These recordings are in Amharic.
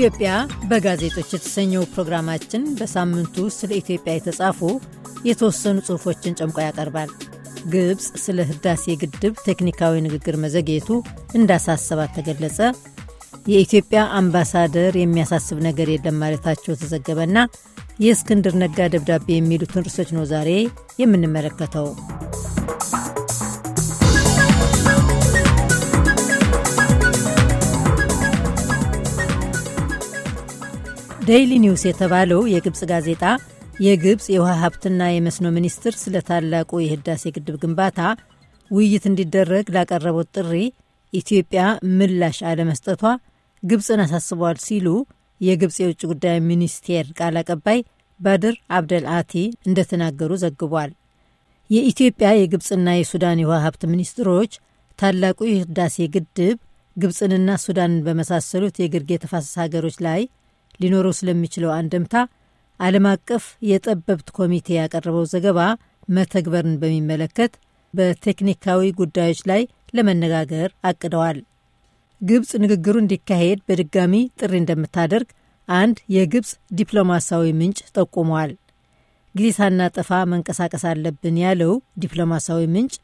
ኢትዮጵያ በጋዜጦች የተሰኘው ፕሮግራማችን በሳምንቱ ስለ ኢትዮጵያ የተጻፉ የተወሰኑ ጽሑፎችን ጨምቆ ያቀርባል። ግብፅ ስለ ህዳሴ ግድብ ቴክኒካዊ ንግግር መዘግየቱ እንዳሳሰባት ተገለጸ። የኢትዮጵያ አምባሳደር የሚያሳስብ ነገር የለም ማለታቸው ተዘገበና የእስክንድር ነጋ ደብዳቤ የሚሉትን ርዕሶች ነው ዛሬ የምንመለከተው። ዴይሊ ኒውስ የተባለው የግብፅ ጋዜጣ የግብፅ የውሃ ሀብትና የመስኖ ሚኒስትር ስለ ታላቁ የህዳሴ ግድብ ግንባታ ውይይት እንዲደረግ ላቀረቡት ጥሪ ኢትዮጵያ ምላሽ አለመስጠቷ ግብፅን አሳስቧል ሲሉ የግብፅ የውጭ ጉዳይ ሚኒስቴር ቃል አቀባይ ባድር አብደል አቲ እንደተናገሩ ዘግቧል። የኢትዮጵያ የግብፅና የሱዳን የውሃ ሀብት ሚኒስትሮች ታላቁ የህዳሴ ግድብ ግብፅንና ሱዳንን በመሳሰሉት የግርጌ ተፋሰስ ሀገሮች ላይ ሊኖረው ስለሚችለው አንድምታ ዓለም አቀፍ የጠበብት ኮሚቴ ያቀረበው ዘገባ መተግበርን በሚመለከት በቴክኒካዊ ጉዳዮች ላይ ለመነጋገር አቅደዋል። ግብፅ ንግግሩ እንዲካሄድ በድጋሚ ጥሪ እንደምታደርግ አንድ የግብፅ ዲፕሎማሲያዊ ምንጭ ጠቁመዋል። ጊዜ ሳናጠፋ መንቀሳቀስ አለብን ያለው ዲፕሎማሲያዊ ምንጭ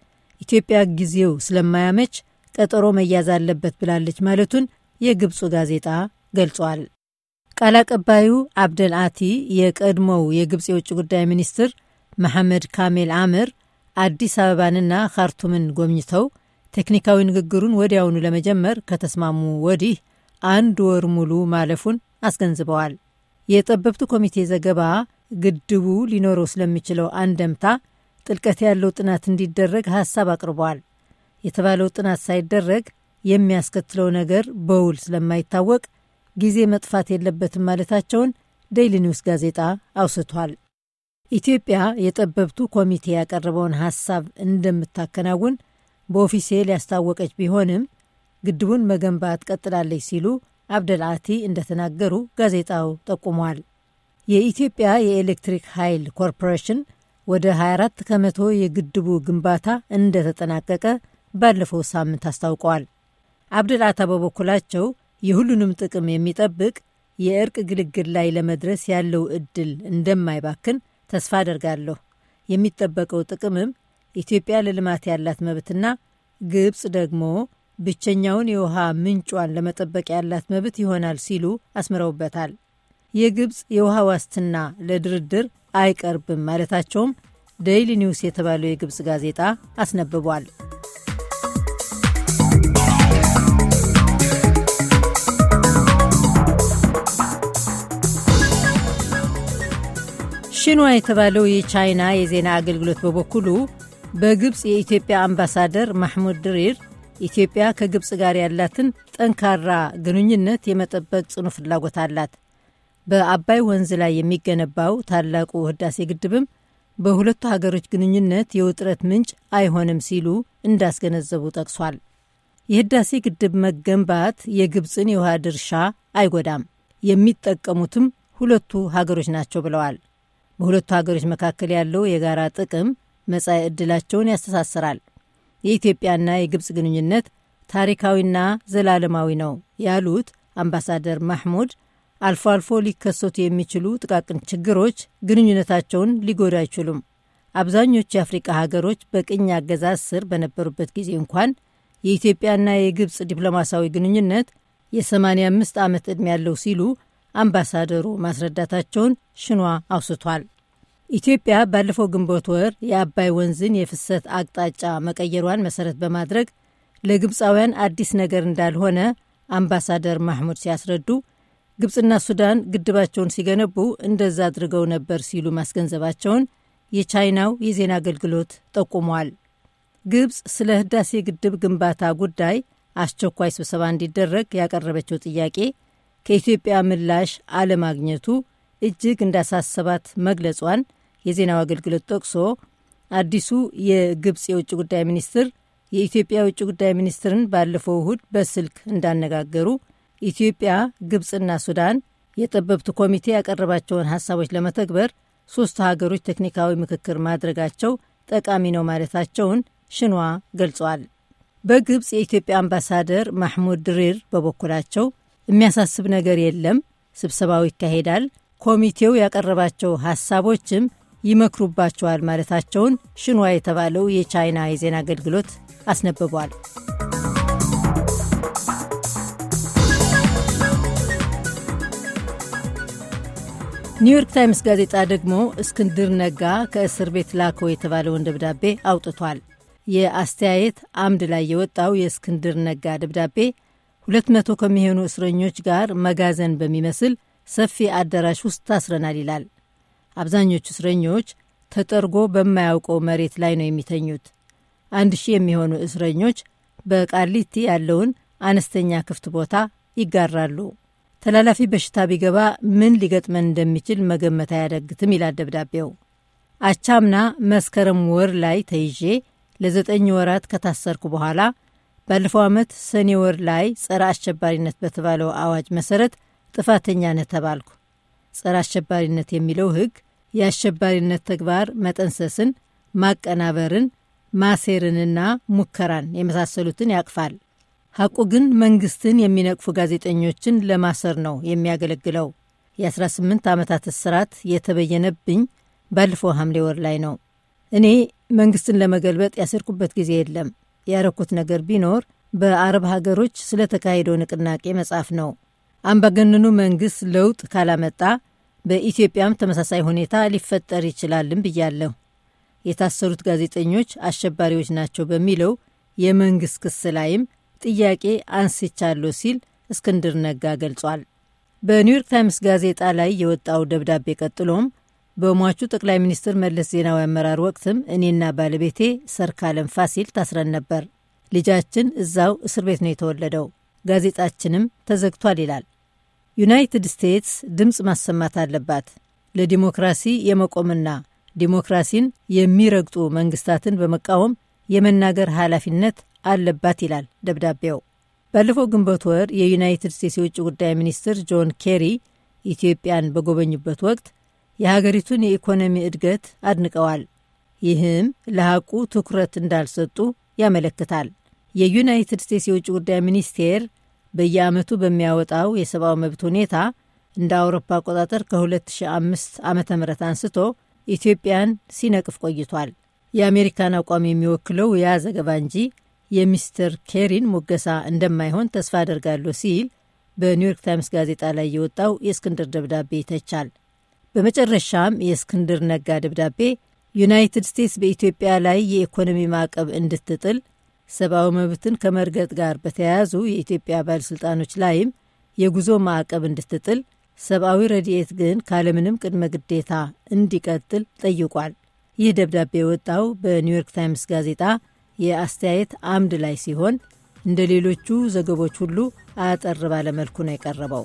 ኢትዮጵያ ጊዜው ስለማያመች ቀጠሮ መያዝ አለበት ብላለች ማለቱን የግብፁ ጋዜጣ ገልጿል። ቃል አቀባዩ አብደል አቲ የቀድሞው የግብፅ የውጭ ጉዳይ ሚኒስትር መሐመድ ካሜል አምር አዲስ አበባንና ካርቱምን ጎብኝተው ቴክኒካዊ ንግግሩን ወዲያውኑ ለመጀመር ከተስማሙ ወዲህ አንድ ወር ሙሉ ማለፉን አስገንዝበዋል። የጠበብቱ ኮሚቴ ዘገባ ግድቡ ሊኖረው ስለሚችለው አንደምታ ጥልቀት ያለው ጥናት እንዲደረግ ሀሳብ አቅርቧል። የተባለው ጥናት ሳይደረግ የሚያስከትለው ነገር በውል ስለማይታወቅ ጊዜ መጥፋት የለበትም ማለታቸውን ዴይሊ ኒውስ ጋዜጣ አውስቷል። ኢትዮጵያ የጠበብቱ ኮሚቴ ያቀረበውን ሀሳብ እንደምታከናውን በኦፊሴል ያስታወቀች ቢሆንም ግድቡን መገንባት ቀጥላለች ሲሉ አብደልአቲ እንደተናገሩ ጋዜጣው ጠቁሟል። የኢትዮጵያ የኤሌክትሪክ ኃይል ኮርፖሬሽን ወደ 24 ከመቶ የግድቡ ግንባታ እንደተጠናቀቀ ባለፈው ሳምንት አስታውቀዋል። አብደልአታ በበኩላቸው የሁሉንም ጥቅም የሚጠብቅ የእርቅ ግልግል ላይ ለመድረስ ያለው እድል እንደማይባክን ተስፋ አደርጋለሁ። የሚጠበቀው ጥቅምም ኢትዮጵያ ለልማት ያላት መብትና ግብፅ ደግሞ ብቸኛውን የውሃ ምንጯን ለመጠበቅ ያላት መብት ይሆናል ሲሉ አስምረውበታል። የግብፅ የውሃ ዋስትና ለድርድር አይቀርብም ማለታቸውም ዴይሊ ኒውስ የተባለው የግብፅ ጋዜጣ አስነብቧል። ሺንዋ የተባለው የቻይና የዜና አገልግሎት በበኩሉ በግብፅ የኢትዮጵያ አምባሳደር ማሕሙድ ድሪር ኢትዮጵያ ከግብፅ ጋር ያላትን ጠንካራ ግንኙነት የመጠበቅ ጽኑ ፍላጎት አላት፣ በአባይ ወንዝ ላይ የሚገነባው ታላቁ ህዳሴ ግድብም በሁለቱ ሀገሮች ግንኙነት የውጥረት ምንጭ አይሆንም ሲሉ እንዳስገነዘቡ ጠቅሷል። የህዳሴ ግድብ መገንባት የግብፅን የውሃ ድርሻ አይጎዳም፣ የሚጠቀሙትም ሁለቱ ሀገሮች ናቸው ብለዋል። በሁለቱ ሀገሮች መካከል ያለው የጋራ ጥቅም መጻኢ ዕድላቸውን ያስተሳስራል። የኢትዮጵያና የግብፅ ግንኙነት ታሪካዊና ዘላለማዊ ነው ያሉት አምባሳደር ማሕሙድ አልፎ አልፎ ሊከሰቱ የሚችሉ ጥቃቅን ችግሮች ግንኙነታቸውን ሊጎዱ አይችሉም። አብዛኞቹ የአፍሪቃ ሀገሮች በቅኝ አገዛዝ ስር በነበሩበት ጊዜ እንኳን የኢትዮጵያና የግብፅ ዲፕሎማሲያዊ ግንኙነት የ85 ዓመት ዕድሜ ያለው ሲሉ አምባሳደሩ ማስረዳታቸውን ሽኗ አውስቷል። ኢትዮጵያ ባለፈው ግንቦት ወር የአባይ ወንዝን የፍሰት አቅጣጫ መቀየሯን መሰረት በማድረግ ለግብፃውያን አዲስ ነገር እንዳልሆነ አምባሳደር ማህሙድ ሲያስረዱ፣ ግብፅና ሱዳን ግድባቸውን ሲገነቡ እንደዛ አድርገው ነበር ሲሉ ማስገንዘባቸውን የቻይናው የዜና አገልግሎት ጠቁሟል። ግብፅ ስለ ህዳሴ ግድብ ግንባታ ጉዳይ አስቸኳይ ስብሰባ እንዲደረግ ያቀረበችው ጥያቄ ከኢትዮጵያ ምላሽ አለማግኘቱ እጅግ እንዳሳሰባት መግለጿን የዜናው አገልግሎት ጠቅሶ አዲሱ የግብፅ የውጭ ጉዳይ ሚኒስትር የኢትዮጵያ የውጭ ጉዳይ ሚኒስትርን ባለፈው እሁድ በስልክ እንዳነጋገሩ ኢትዮጵያ፣ ግብፅና ሱዳን የጠበብት ኮሚቴ ያቀረባቸውን ሀሳቦች ለመተግበር ሶስት ሀገሮች ቴክኒካዊ ምክክር ማድረጋቸው ጠቃሚ ነው ማለታቸውን ሽንዋ ገልጿል። በግብፅ የኢትዮጵያ አምባሳደር ማሕሙድ ድሪር በበኩላቸው የሚያሳስብ ነገር የለም፣ ስብሰባው ይካሄዳል፣ ኮሚቴው ያቀረባቸው ሀሳቦችም ይመክሩባቸዋል ማለታቸውን ሽንዋ የተባለው የቻይና የዜና አገልግሎት አስነብቧል። ኒውዮርክ ታይምስ ጋዜጣ ደግሞ እስክንድር ነጋ ከእስር ቤት ላከው የተባለውን ደብዳቤ አውጥቷል። የአስተያየት አምድ ላይ የወጣው የእስክንድር ነጋ ደብዳቤ ሁለት መቶ ከሚሆኑ እስረኞች ጋር መጋዘን በሚመስል ሰፊ አዳራሽ ውስጥ ታስረናል ይላል። አብዛኞቹ እስረኞች ተጠርጎ በማያውቀው መሬት ላይ ነው የሚተኙት። አንድ ሺህ የሚሆኑ እስረኞች በቃሊቲ ያለውን አነስተኛ ክፍት ቦታ ይጋራሉ። ተላላፊ በሽታ ቢገባ ምን ሊገጥመን እንደሚችል መገመት አያዳግትም ይላል ደብዳቤው። አቻምና መስከረም ወር ላይ ተይዤ ለዘጠኝ ወራት ከታሰርኩ በኋላ ባለፈው ዓመት ሰኔ ወር ላይ ጸረ አሸባሪነት በተባለው አዋጅ መሰረት ጥፋተኛ ነህ ተባልኩ። ጸረ አሸባሪነት የሚለው ሕግ የአሸባሪነት ተግባር መጠንሰስን፣ ማቀናበርን፣ ማሴርንና ሙከራን የመሳሰሉትን ያቅፋል። ሐቁ ግን መንግስትን የሚነቅፉ ጋዜጠኞችን ለማሰር ነው የሚያገለግለው። የ18 ዓመታት እስራት የተበየነብኝ ባለፈው ሐምሌ ወር ላይ ነው። እኔ መንግስትን ለመገልበጥ ያሰርኩበት ጊዜ የለም። ያረኩት ነገር ቢኖር በአረብ ሀገሮች ስለተካሄደው ንቅናቄ መጻፍ ነው። አምባገነኑ መንግስት ለውጥ ካላመጣ በኢትዮጵያም ተመሳሳይ ሁኔታ ሊፈጠር ይችላልም ብያለሁ። የታሰሩት ጋዜጠኞች አሸባሪዎች ናቸው በሚለው የመንግሥት ክስ ላይም ጥያቄ አንስቻለሁ ሲል እስክንድር ነጋ ገልጿል። በኒውዮርክ ታይምስ ጋዜጣ ላይ የወጣው ደብዳቤ ቀጥሎም በሟቹ ጠቅላይ ሚኒስትር መለስ ዜናዊ አመራር ወቅትም እኔና ባለቤቴ ሰርካለም ፋሲል ታስረን ነበር። ልጃችን እዛው እስር ቤት ነው የተወለደው። ጋዜጣችንም ተዘግቷል ይላል። ዩናይትድ ስቴትስ ድምፅ ማሰማት አለባት። ለዲሞክራሲ የመቆምና ዲሞክራሲን የሚረግጡ መንግስታትን በመቃወም የመናገር ኃላፊነት አለባት ይላል ደብዳቤው። ባለፈው ግንቦት ወር የዩናይትድ ስቴትስ የውጭ ጉዳይ ሚኒስትር ጆን ኬሪ ኢትዮጵያን በጎበኙበት ወቅት የሀገሪቱን የኢኮኖሚ እድገት አድንቀዋል። ይህም ለሐቁ ትኩረት እንዳልሰጡ ያመለክታል። የዩናይትድ ስቴትስ የውጭ ጉዳይ ሚኒስቴር በየዓመቱ በሚያወጣው የሰብአዊ መብት ሁኔታ እንደ አውሮፓ አቆጣጠር ከ2005 ዓ ም አንስቶ ኢትዮጵያን ሲነቅፍ ቆይቷል። የአሜሪካን አቋም የሚወክለው ያ ዘገባ እንጂ የሚስተር ኬሪን ሙገሳ እንደማይሆን ተስፋ አደርጋለሁ ሲል በኒውዮርክ ታይምስ ጋዜጣ ላይ የወጣው የእስክንድር ደብዳቤ ይተቻል። በመጨረሻም የእስክንድር ነጋ ደብዳቤ ዩናይትድ ስቴትስ በኢትዮጵያ ላይ የኢኮኖሚ ማዕቀብ እንድትጥል ሰብአዊ መብትን ከመርገጥ ጋር በተያያዙ የኢትዮጵያ ባለሥልጣኖች ላይም የጉዞ ማዕቀብ እንድትጥል፣ ሰብአዊ ረድኤት ግን ካለምንም ቅድመ ግዴታ እንዲቀጥል ጠይቋል። ይህ ደብዳቤ የወጣው በኒውዮርክ ታይምስ ጋዜጣ የአስተያየት አምድ ላይ ሲሆን እንደ ሌሎቹ ዘገቦች ሁሉ አጠር ባለመልኩ ነው የቀረበው።